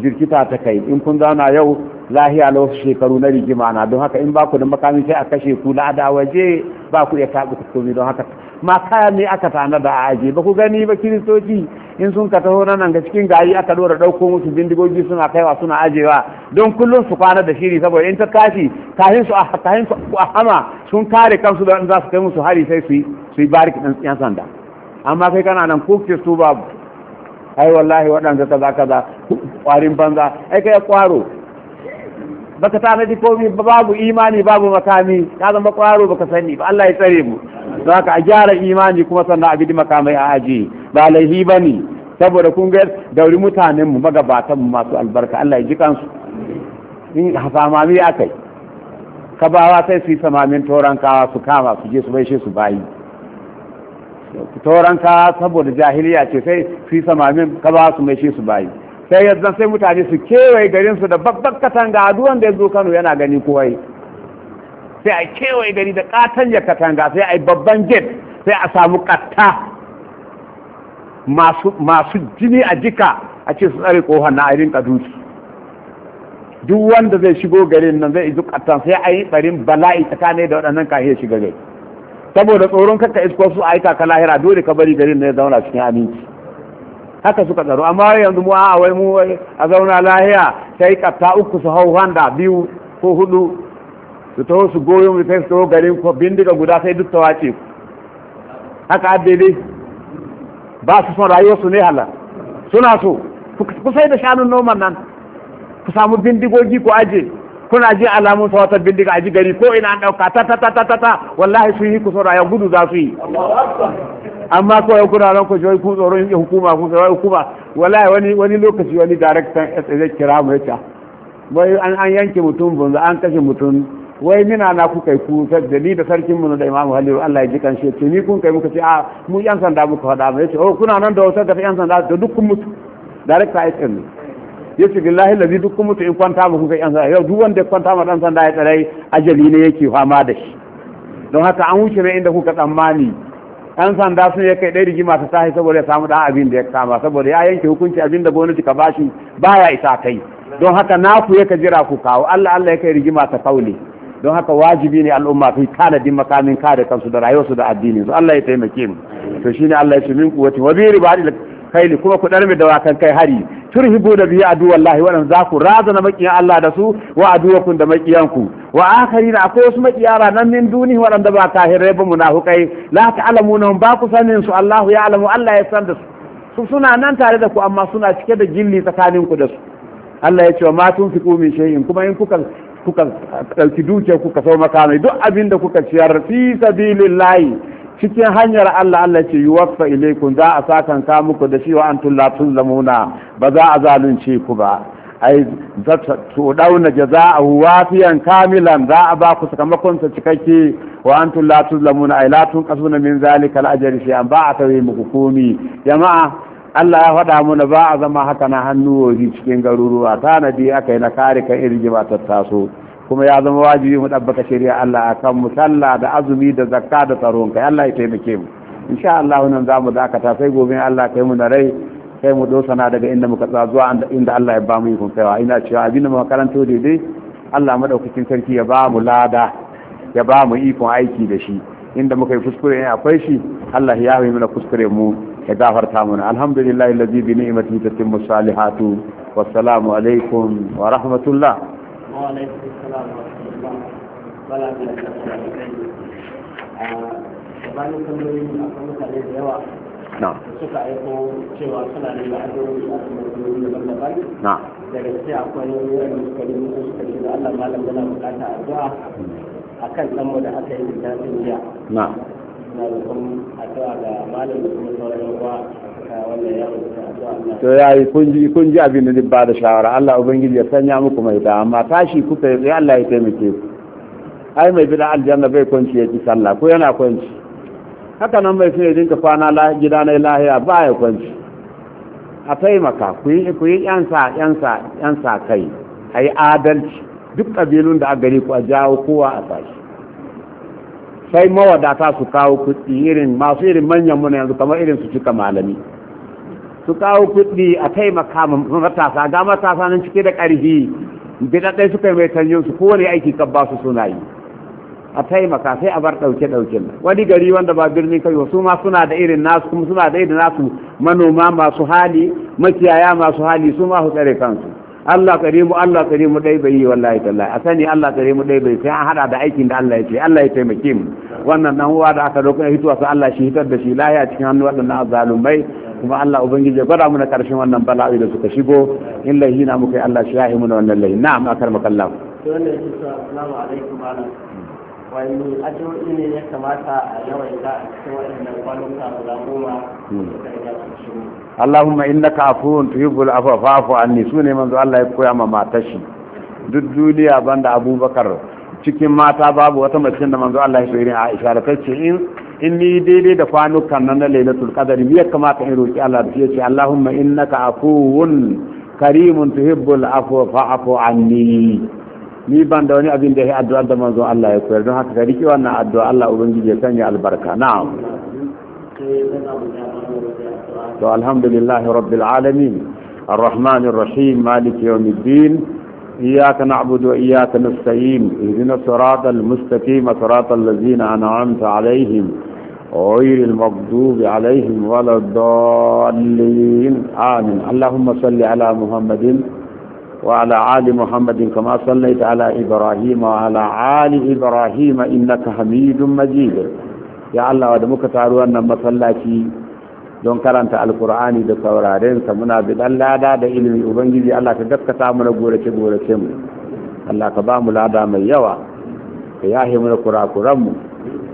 Speaker 2: jirkita ta kai in kun zauna yau lahiya na wasu shekaru na rigima na don haka in ba ku da makami sai a kashe ku na waje ba ku iya kaɓi ku komi don haka ma kaya ne aka tana da aji ba ku gani ba kiristoci in sun ka taho nan ga cikin gayi aka dora ɗauko musu bindigogi suna kaiwa suna ajewa don kullum su kwana da shiri saboda in ta tashi kahin su a hama sun kare kansu da za su kai musu hari sai su yi barik ɗan sanda amma kai kana nan ko ke su ba. ai wallahi waɗanda kaza kaza ƙwarin banza ai kai ƙwaro baka tanadi komi babu imani babu makami ka zama ƙwaro baka sani ba Allah ya tsare mu za ka a gyara imani kuma sannan a gidi makamai a aji ba laihi ba ne saboda kun ga dauri mutanen mu magabatan mu masu albarka Allah ya ji kansu in samami akai kabawa sai su yi samamin torankawa su kama su je su baishe su bayi tauran saboda jahiliya ce sai fi samamin ka ba su mai shi su bayi sai yadda sai mutane su kewaye garin su da babbar katanga aduwan da ya zo Kano yana gani kowai sai a kewaye gari da katan ya katanga sai a yi babban gate sai a samu katta masu jini a jika a ce su tsare kohon na irin kaduki duk wanda zai shigo garin nan zai izu kattan sai a yi tsarin bala'i tsakanin da waɗannan kahiyar shiga gari saboda tsoron kakka isko su aika ka lahira dole ka bari garin da ya zauna cikin aminci haka suka tsaro amma yanzu mu a wai mu a zauna lahiya sai katta uku su hau handa biyu ko hudu su taho su goyo mu sai su taho garin ko bindiga guda sai duk tawace haka abele ba su son rayuwar su ne hala suna so ku sai da shanun noman nan ku samu bindigogi ku aje kuna ji alamun sawatar bindiga a ji gari ko ina an ɗauka ta ta ta ta ta ta wallahi sun yi kusa rayan gudu za su yi amma ko yau kuna ran shi ji ku tsoron yin hukuma ku tsoro hukuma wallahi wani wani lokaci wani daraktan zai kira mu yace wai an yanke mutum banza an kashe mutum wai mina na ku kai ku da ni da sarkin mu da imamu halilu Allah ya ji kan shi ce ni kun kai muka ce a ah, mu yan sanda muka faɗa mu yace oh kuna nan da wata da yan sanda da dukkan mutu daraktan director SN yace billahi lazi duk kun mutu in kwanta ba kuka yan yau duk wanda ya kwanta ma dan sanda ya tsare ajali ne yake fama da shi don haka an wuce ne inda kuka tsammani yan sanda sun ya kai ɗaya rigima ta sahi saboda ya samu ɗan abin da ya kama saboda ya yanke hukunci abin da gwamnati ka bashi baya isa kai don haka naku ya ka jira ku kawo Allah Allah ya kai rigima ta kaule don haka wajibi ne al'umma su din makamin kare kansu da rayuwarsu da addini su Allah ya taimake mu to shine Allah ya ce min kuwati wa bi ribadil ne kuma ku darme da wakan kai hari turhibu da biya adu wallahi wannan za ku razana makiyan Allah da su wa aduwakum da makiyanku wa akharina akwai wasu makiyara nan min duni waɗanda ba kahirai ba munafukai la ta'lamuna ba ku sanin su Allahu ya alamu Allah ya san da su suna nan tare da ku amma suna cike da gilli tsakanin ku da su Allah ya ce wa ma tunfiqu min shay'in kuma in kuka kuka dauki dukiya kuka sau makamai duk abin da kuka ciyar fi sabilillahi cikin hanyar Allah Allah ce yuwaffa ilaikum za a sakan ka da shi wa tun la ba za a zalunce ku ba ai za to dauna jaza'ahu wafiyan kamilan za a ba ku sakamakon sa cikakke wa antum la tuzlamuna ai la na min zalika al shi an ba a tawaye mu hukumi. jama'a Allah ya faɗa mana ba a zama haka na hannu cikin garuruwa tanadi aka yi na kare kan irgima ta taso kuma ya zama wajibi mu dabbaka shari'a Allah akan mu sallah da azumi da zakka da tsaron kai Allah ya taimake mu insha Allah nan zamu dakata sai gobe Allah kai mu narai rai mu dosana daga inda muka tsaya zuwa inda Allah ya ba mu ikon kaiwa ina cewa abin da muka karanto daidai Allah madaukakin sarki ya ba mu lada ya ba mu ikon aiki da shi inda muka yi kuskure ne akwai shi Allah ya yi mana kuskure mu ya gafarta mana alhamdulillahi allazi bi ni'matihi tatimmu salihatu wassalamu alaikum wa rahmatullah
Speaker 1: wa alaikum bala da a kan mutane da yawa suka aiko cewa suna da la'adori da kan daban-daban daga sai akwai wani suka yi da Allah malam yana bukata addu'a a kan tsammo da aka yi da jiya na addu'a ga malam da kuma sauran yawa
Speaker 2: to ya yi kun ji abin da ba da shawara Allah Ubangiji ya sanya muku mai da amma tashi kuka yi Allah ya taimake ku ai mai bida aljanna bai kwanci ya ci sallah ko yana kwanci haka nan mai sun dinka kwana gida na lahiya ba ya kwanci a taimaka ku yi yan sa kai a yi adalci duk ƙabilun da a gari ku a jawo kowa a sashi sai mawadata su kawo kuɗi irin masu irin manyan muna yanzu kamar irin su cika malami su kawo kuɗi a taimaka matasa ga matasa nan cike da ƙarfi dai suka yi mai tanyin su kowane aiki kan ba su suna yi a taimaka sai a bar ɗauke ɗauken wani gari wanda ba birnin kai su ma suna da irin nasu kuma suna da irin nasu manoma masu hali makiyaya masu hali su ma tsare kansu Allah karimu Allah karimu dai bai yi wallahi tallahi a sani Allah karimu dai bai sai an hada da aikin da Allah ya ce Allah ya taimake mu wannan dan uwa da aka roƙa hituwa sai Allah shi hitar da shi lahiya cikin hannu waɗannan azzalumai kuma Allah ubangiji ya gwada muna karshen wannan bala'i da suka shigo in lahi na muka yi Allah shi ya yi muna wannan lahi na'am akar makallahu
Speaker 1: to wannan yake assalamu alaikum malam wani addu'o'i ne ya kamata a yawan yawaita a cikin waɗannan kwanuka guda goma hmm.
Speaker 2: Allahumma innaka afuwun tuhibbul afwa fa'fu anni sune manzo Allah ya koya ma matashi duk duniya banda Abubakar cikin mata babu wata mace da manzo Allah ya so irin Aisha da kace in in ni daidai da kwanukan nan na Lailatul Qadr me ya kamata in roki Allah da yace Allahumma innaka afuwun karimun tuhibbul afwa fa'fu anni ni ban da wani abin da ya addu'a da manzon Allah ya koyar don haka gari riki wannan addu'a Allah ubangiji ya sanya albarka na'am to alhamdulillah rabbil alamin الرحمن الرحيم مالك يوم الدين إياك نعبد وإياك نستعين اهدنا الصراط المستقيم صراط الذين أنعمت عليهم غير المغضوب عليهم ولا الضالين آمين اللهم صل على محمد وعلى آل محمد كما صليت على إبراهيم وعلى آل إبراهيم إنك حميد مجيد يا الله ودمك تعالوا أن مصلاتي don karanta alkur'ani da sauraren sa muna bidan lada da ilimi ubangiji Allah ka gaskata mu na gorace gorace mu Allah ka ba mu lada mai yawa ka yahe mu kurakuran mu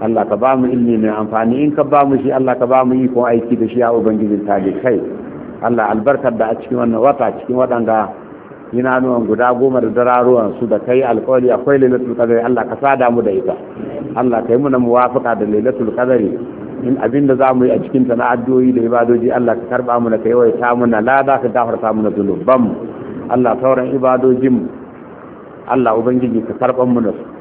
Speaker 2: Allah ka ba mu ilimi mai amfani in ka ba mu shi Allah ka ba mu ikon aiki da shi ya ubangiji ta kai Allah albarkar da a cikin wannan wata cikin waɗanda inanuwan guda goma da dararuwan su da kai alkawari akwai lailatul kadari Allah ka sada mu da ita Allah ka yi muna muwafaka da lailatul kadari in abin da zamu yi a cikin ta na addu'o'i da ibadoji Allah ka karba mu da kai wai ta na lada ka gafarta mu na zunuban Allah sauran ibadojin Allah ubangiji ka karban mu da su